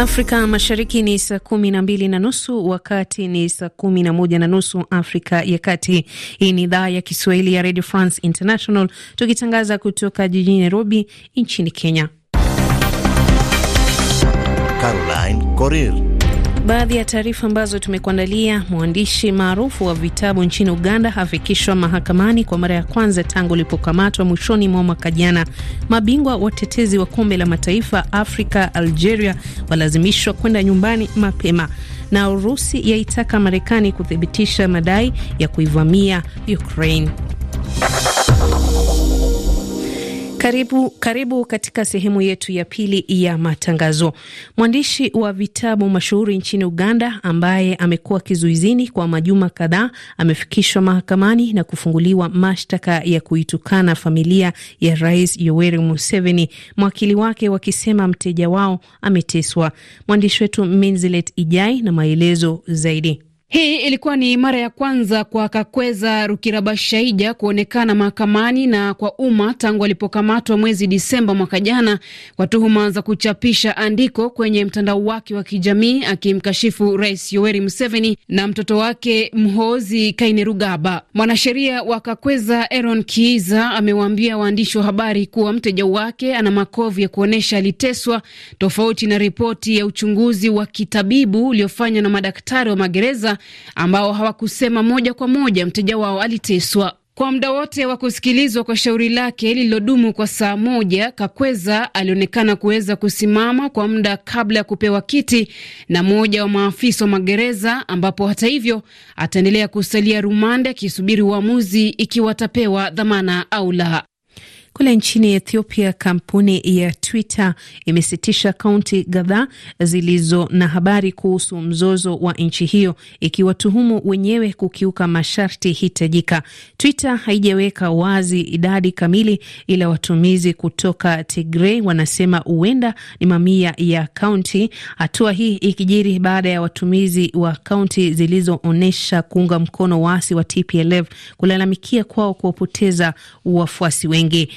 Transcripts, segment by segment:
Afrika Mashariki ni saa kumi na mbili na nusu wakati ni saa kumi na moja na nusu Afrika ya Kati. Hii ni idhaa ya Kiswahili ya Radio France International tukitangaza kutoka jijini Nairobi nchini Kenya. Caroline Coril Baadhi ya taarifa ambazo tumekuandalia: mwandishi maarufu wa vitabu nchini Uganda hafikishwa mahakamani kwa mara ya kwanza tangu ulipokamatwa mwishoni mwa mwaka jana. Mabingwa watetezi wa kombe la mataifa Afrika Algeria walazimishwa kwenda nyumbani mapema, na Urusi yaitaka Marekani kuthibitisha madai ya kuivamia Ukraine. Karibu, karibu katika sehemu yetu ya pili ya matangazo. Mwandishi wa vitabu mashuhuri nchini Uganda ambaye amekuwa kizuizini kwa majuma kadhaa amefikishwa mahakamani na kufunguliwa mashtaka ya kuitukana familia ya Rais Yoweri Museveni, mwakili wake wakisema mteja wao ameteswa. Mwandishi wetu Minzilet Ijai na maelezo zaidi. Hii ilikuwa ni mara ya kwanza kwa Kakweza Rukirabashaija kuonekana mahakamani na kwa umma tangu alipokamatwa mwezi Disemba mwaka jana kwa tuhuma za kuchapisha andiko kwenye mtandao wake wa kijamii akimkashifu Rais Yoweri Museveni na mtoto wake Mhozi Kainerugaba. Mwanasheria wa Kakweza Aaron Kiiza amewaambia waandishi wa habari kuwa mteja wake ana makovu ya kuonyesha aliteswa, tofauti na ripoti ya uchunguzi wa kitabibu uliofanywa na madaktari wa magereza ambao hawakusema moja kwa moja mteja wao aliteswa. Kwa muda wote wa kusikilizwa kwa shauri lake lililodumu kwa saa moja, Kakweza alionekana kuweza kusimama kwa muda kabla ya kupewa kiti na mmoja wa maafisa wa magereza, ambapo hata hivyo ataendelea kusalia rumande akisubiri uamuzi ikiwa atapewa dhamana au la. Kule nchini Ethiopia, kampuni ya Twitter imesitisha kaunti kadhaa zilizo na habari kuhusu mzozo wa nchi hiyo, ikiwatuhumu wenyewe kukiuka masharti hitajika. Twitter haijaweka wazi idadi kamili, ila watumizi kutoka Tigray wanasema huenda ni mamia ya kaunti hatua hii ikijiri baada ya watumizi wa kaunti zilizoonyesha kuunga mkono waasi wa TPLF kulalamikia kwao kuwapoteza wafuasi wengi.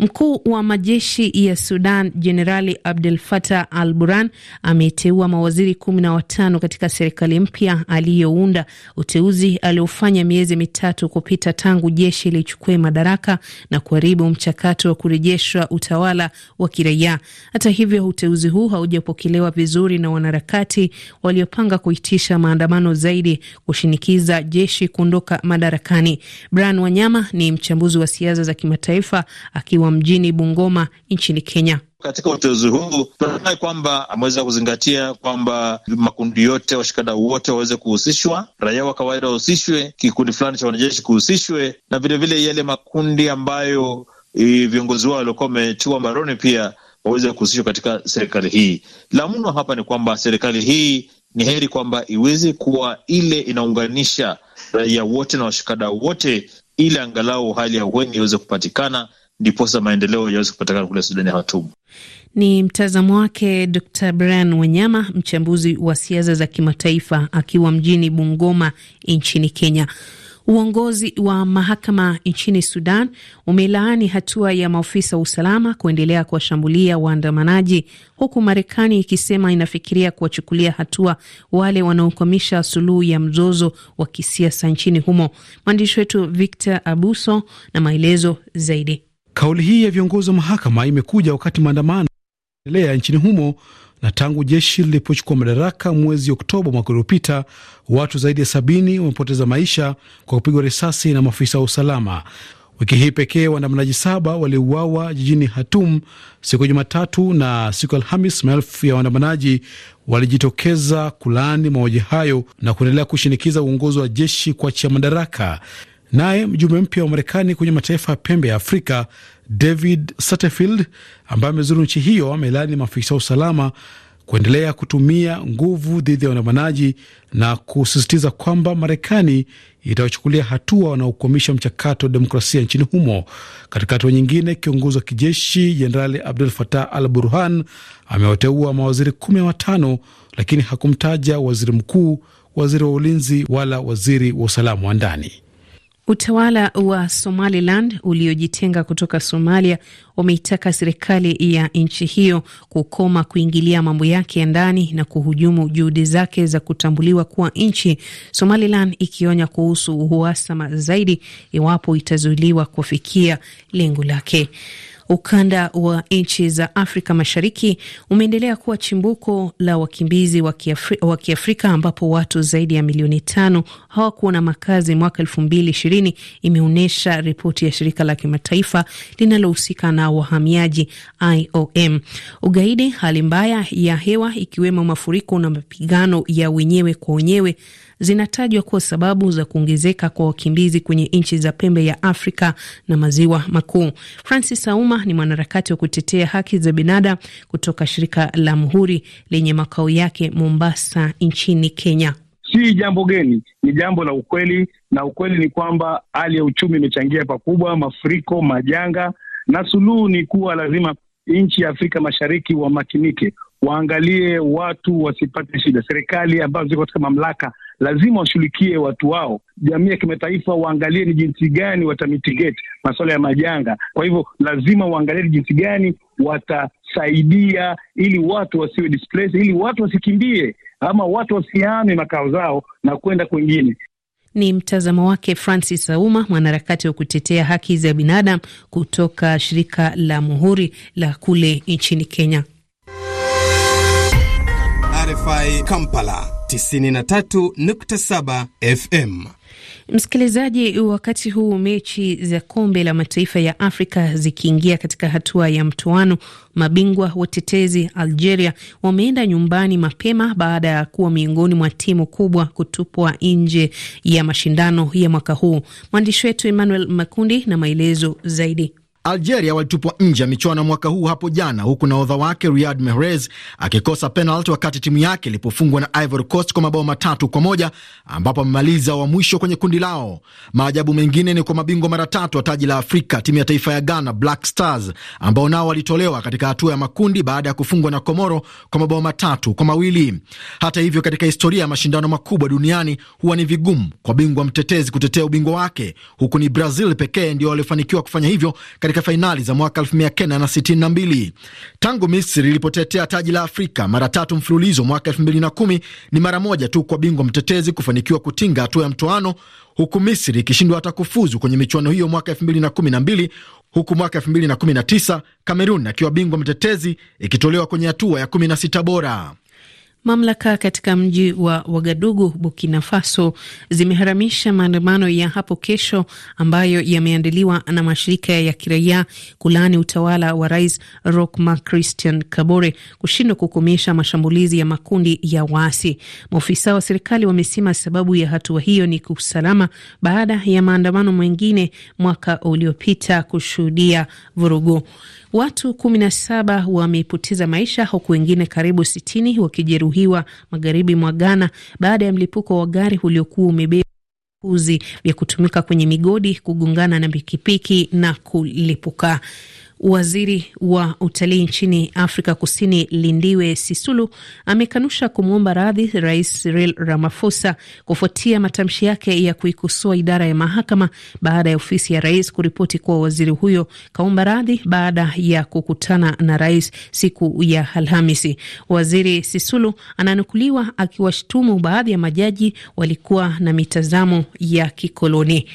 Mkuu wa majeshi ya Sudan Jenerali Abdel Fattah al Burhan ameteua mawaziri kumi na watano katika serikali mpya aliyounda, uteuzi aliofanya miezi mitatu kupita tangu jeshi lichukue madaraka na kuharibu mchakato wa kurejeshwa utawala wa kiraia. Hata hivyo, uteuzi huu haujapokelewa vizuri na wanaharakati waliopanga kuitisha maandamano zaidi kushinikiza jeshi kuondoka madarakani. Brian Wanyama ni mchambuzi wa siasa za kimataifa akiwa wa mjini Bungoma nchini Kenya. Katika uteuzi huu tunadai kwamba ameweza kuzingatia kwamba makundi yote, washikadau wote waweze kuhusishwa, raia wa kawaida wahusishwe, kikundi fulani cha wanajeshi kuhusishwe, na vilevile yale makundi ambayo e, viongozi wao waliokuwa wametiwa mbaroni pia waweze kuhusishwa katika serikali hii. La mno hapa ni kwamba serikali hii ni heri kwamba iweze kuwa ile inaunganisha raia wote na washikadau wote, ili angalau hali ya uweni iweze kupatikana ndiposa maendeleo yaweze kupatikana kule Sudani ya Hatumu. Ni mtazamo wake Dr Brian Wanyama, mchambuzi wa siasa za kimataifa akiwa mjini Bungoma nchini Kenya. Uongozi wa mahakama nchini Sudan umelaani hatua ya maofisa wa usalama kuendelea kuwashambulia waandamanaji, huku Marekani ikisema inafikiria kuwachukulia hatua wale wanaokwamisha suluhu ya mzozo wa kisiasa nchini humo. Mwandishi wetu Victor Abuso na maelezo zaidi. Kauli hii ya viongozi wa mahakama imekuja wakati maandamano endelea nchini humo na tangu jeshi lilipochukua madaraka mwezi Oktoba mwaka uliopita, watu zaidi ya sabini wamepoteza maisha kwa kupigwa risasi na maafisa wa usalama. Wiki hii pekee waandamanaji saba waliuawa jijini Hatum siku ya Jumatatu, na siku Alhamis maelfu ya waandamanaji walijitokeza kulaani mauaji hayo na kuendelea kushinikiza uongozi wa jeshi kuachia madaraka. Naye mjumbe mpya wa Marekani kwenye mataifa ya pembe ya Afrika David Satterfield ambaye amezuru nchi hiyo amelaani maafisa wa usalama kuendelea kutumia nguvu dhidi ya waandamanaji na kusisitiza kwamba Marekani itawachukulia hatua wanaokwamisha mchakato wa demokrasia nchini humo. Katika hatua nyingine, kiongozi wa kijeshi Jenerali Abdul Fatah Al Burhan amewateua mawaziri kumi na watano lakini hakumtaja waziri mkuu, waziri wa ulinzi wala waziri wa usalama wa ndani. Utawala wa Somaliland uliojitenga kutoka Somalia umeitaka serikali ya nchi hiyo kukoma kuingilia mambo yake ya ndani na kuhujumu juhudi zake za kutambuliwa kuwa nchi, Somaliland ikionya kuhusu uhasama zaidi iwapo itazuiliwa kufikia lengo lake. Ukanda wa nchi za Afrika Mashariki umeendelea kuwa chimbuko la wakimbizi wa Kiafrika, Kiafrika ambapo watu zaidi ya milioni tano hawakuwa na makazi mwaka elfu mbili ishirini imeonyesha ripoti ya shirika la kimataifa linalohusika na wahamiaji IOM. Ugaidi, hali mbaya ya hewa ikiwemo mafuriko na mapigano ya wenyewe kwa wenyewe zinatajwa kuwa sababu za kuongezeka kwa wakimbizi kwenye nchi za pembe ya Afrika na maziwa makuu. Francis Auma ni mwanaharakati wa kutetea haki za binadamu kutoka shirika la Muhuri lenye makao yake Mombasa nchini Kenya. Si jambo geni, ni jambo la ukweli, na ukweli ni kwamba hali ya uchumi imechangia pakubwa, mafuriko, majanga, na suluhu ni kuwa lazima nchi ya Afrika Mashariki wamakinike, waangalie watu wasipate shida. Serikali ambazo ziko katika mamlaka lazima washughulikie watu wao. Jamii ya kimataifa waangalie ni jinsi gani watamitigate masuala ya majanga. Kwa hivyo lazima waangalie ni jinsi gani watasaidia ili watu wasiwe displace, ili watu wasikimbie ama watu wasihame makao zao na kwenda kwengine. Ni mtazamo wake Francis Auma, mwanaharakati wa kutetea haki za binadamu kutoka shirika la Muhuri la kule nchini Kenya. RFI Kampala 93.7 FM. Msikilizaji, wakati huu mechi za kombe la mataifa ya Afrika zikiingia katika hatua ya mtoano, mabingwa watetezi Algeria wameenda nyumbani mapema baada ya kuwa miongoni mwa timu kubwa kutupwa nje ya mashindano ya mwaka huu. Mwandishi wetu Emmanuel Makundi na maelezo zaidi. Algeria walitupwa nje ya michuano mwaka huu hapo jana, huku naodha wake Riyad Mahrez akikosa penalti wakati timu yake ilipofungwa na Ivory Coast kwa mabao matatu kwa moja ambapo amemaliza wa mwisho kwenye kundi lao. Maajabu mengine ni kwa mabingwa mara tatu wa taji la Afrika, timu ya taifa ya Ghana Black Stars, ambao nao walitolewa katika hatua ya makundi baada ya kufungwa na Komoro kwa mabao matatu kwa mawili. Hata hivyo, katika historia ya mashindano makubwa duniani huwa ni vigumu kwa bingwa mtetezi kutetea ubingwa wake, huku ni Brazil pekee ndio waliofanikiwa kufanya hivyo katika katika fainali za mwaka 1962. Tangu Misri ilipotetea taji la Afrika mara tatu mfululizo mwaka 2010, ni mara moja tu kwa bingwa mtetezi kufanikiwa kutinga hatua ya mtoano, huku Misri ikishindwa hata kufuzu kwenye michuano hiyo mwaka 2012 huku mwaka 2019 Kamerun akiwa bingwa mtetezi ikitolewa kwenye hatua ya 16 bora. Mamlaka katika mji wa Wagadugu, Burkina Faso, zimeharamisha maandamano ya hapo kesho ambayo yameandaliwa na mashirika ya kiraia kulaani utawala wa Rais Roch Marc Christian Kabore kushindwa kukomesha mashambulizi ya makundi ya waasi. Maofisa wa serikali wamesema sababu ya hatua hiyo ni kusalama baada ya maandamano mengine mwaka uliopita kushuhudia vurugu. Watu kumi na saba wamepoteza maisha huku wengine karibu sitini wakijeruhiwa kujeruhiwa magharibi mwa Ghana baada ya mlipuko wa gari uliokuwa umebeba uzi vya kutumika kwenye migodi kugongana na pikipiki na kulipuka. Waziri wa utalii nchini Afrika Kusini Lindiwe Sisulu amekanusha kumwomba radhi Rais Cyril Ramaphosa kufuatia matamshi yake ya kuikosoa idara ya mahakama baada ya ofisi ya rais kuripoti kuwa waziri huyo kaomba radhi baada ya kukutana na rais siku ya Alhamisi. Waziri Sisulu ananukuliwa akiwashtumu baadhi ya majaji walikuwa na mitazamo ya kikoloni.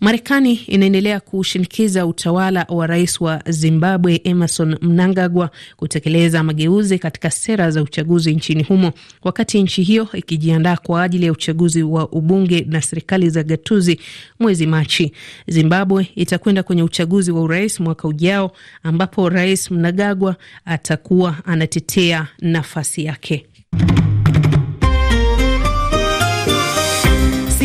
Marekani inaendelea kushinikiza utawala wa rais wa Zimbabwe Emerson Mnangagwa kutekeleza mageuzi katika sera za uchaguzi nchini humo, wakati nchi hiyo ikijiandaa kwa ajili ya uchaguzi wa ubunge na serikali za gatuzi mwezi Machi. Zimbabwe itakwenda kwenye uchaguzi wa urais mwaka ujao, ambapo rais Mnangagwa atakuwa anatetea nafasi yake.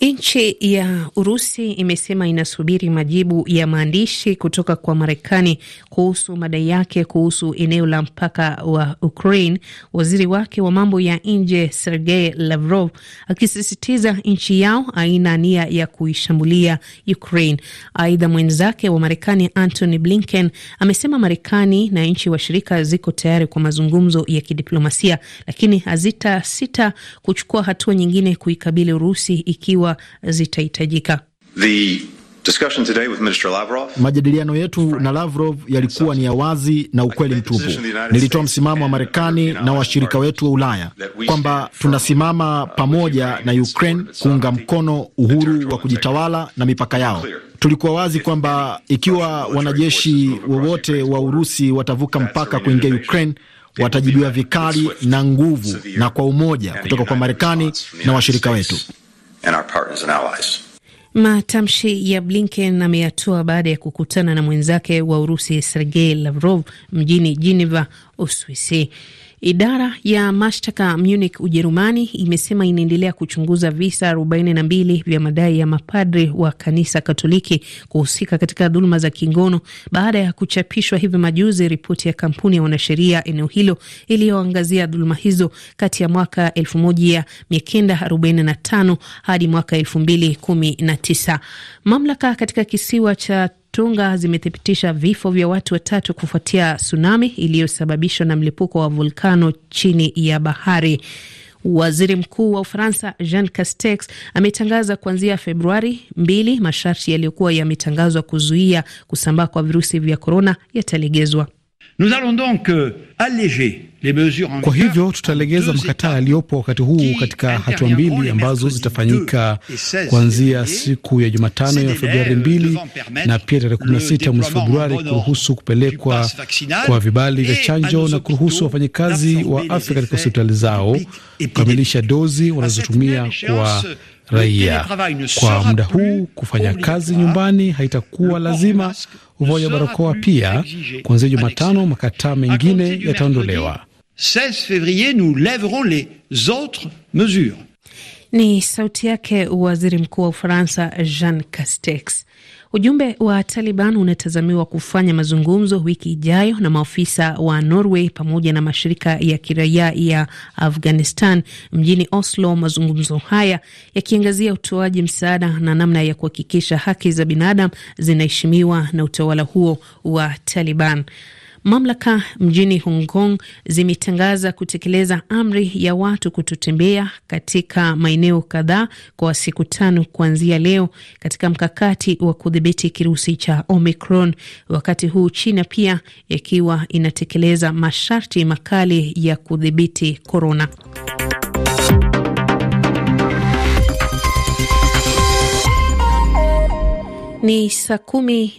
Nchi ya Urusi imesema inasubiri majibu ya maandishi kutoka kwa Marekani kuhusu madai yake kuhusu eneo la mpaka wa Ukraine, waziri wake wa mambo ya nje Sergei Lavrov akisisitiza nchi yao haina nia ya kuishambulia Ukraine. Aidha, mwenzake wa Marekani Antony Blinken amesema Marekani na nchi washirika ziko tayari kwa mazungumzo ya kidiplomasia, lakini hazitasita kuchukua hatua nyingine kuikabili Urusi ikiwa hatua zitahitajika. Majadiliano yetu na Lavrov yalikuwa ni ya wazi na ukweli mtupu. Nilitoa msimamo wa Marekani na washirika wetu wa Ulaya kwamba tunasimama pamoja na Ukraine kuunga mkono uhuru wa kujitawala na mipaka yao. Tulikuwa wazi kwamba ikiwa wanajeshi wowote wa Urusi watavuka mpaka kuingia Ukraine watajibiwa vikali na nguvu na kwa umoja kutoka kwa Marekani na washirika wetu and our partners and allies. Matamshi ya Blinken ameyatoa baada ya kukutana na mwenzake wa Urusi Sergei Lavrov mjini Geneva, Uswisi. Idara ya mashtaka Munich, Ujerumani, imesema inaendelea kuchunguza visa 42 vya madai ya mapadri wa kanisa Katoliki kuhusika katika dhuluma za kingono baada ya kuchapishwa hivi majuzi ripoti ya kampuni ya wanasheria eneo hilo iliyoangazia dhuluma hizo kati ya mwaka 1945 hadi mwaka 2019. Mamlaka katika kisiwa cha Tunga zimethibitisha vifo vya watu watatu kufuatia tsunami iliyosababishwa na mlipuko wa volkano chini ya bahari. Waziri Mkuu wa Ufaransa Jean Castex ametangaza kuanzia Februari mbili masharti yaliyokuwa yametangazwa kuzuia kusambaa kwa virusi vya korona yatalegezwa. nous allons donc euh, alléger kwa hivyo tutalegeza makataa yaliyopo wakati huu katika hatua mbili ambazo zitafanyika kuanzia siku ya Jumatano ya Februari euh, mbili na pia tarehe kumi na sita mwezi Februari, kuruhusu kupelekwa kwa vibali vya chanjo na kuruhusu wafanyakazi wa afya katika hospitali zao kukamilisha dozi wanazotumia kwa raia. Kwa muda huu, kufanya kazi nyumbani haitakuwa lazima. Uvaji barakoa pia kuanzia Jumatano, makataa mengine yataondolewa. 16 février, nous lèverons les autres mesures. Ni sauti yake waziri mkuu wa Ufaransa Jean Castex. Ujumbe wa Taliban unatazamiwa kufanya mazungumzo wiki ijayo na maafisa wa Norway pamoja na mashirika ya kiraia ya Afghanistan mjini Oslo. Mazungumzo haya yakiangazia utoaji msaada na namna ya kuhakikisha haki za binadamu zinaheshimiwa na utawala huo wa Taliban. Mamlaka mjini Hong Kong zimetangaza kutekeleza amri ya watu kutotembea katika maeneo kadhaa kwa siku tano kuanzia leo katika mkakati wa kudhibiti kirusi cha Omicron, wakati huu China pia ikiwa inatekeleza masharti makali ya kudhibiti korona. Ni saa kumi.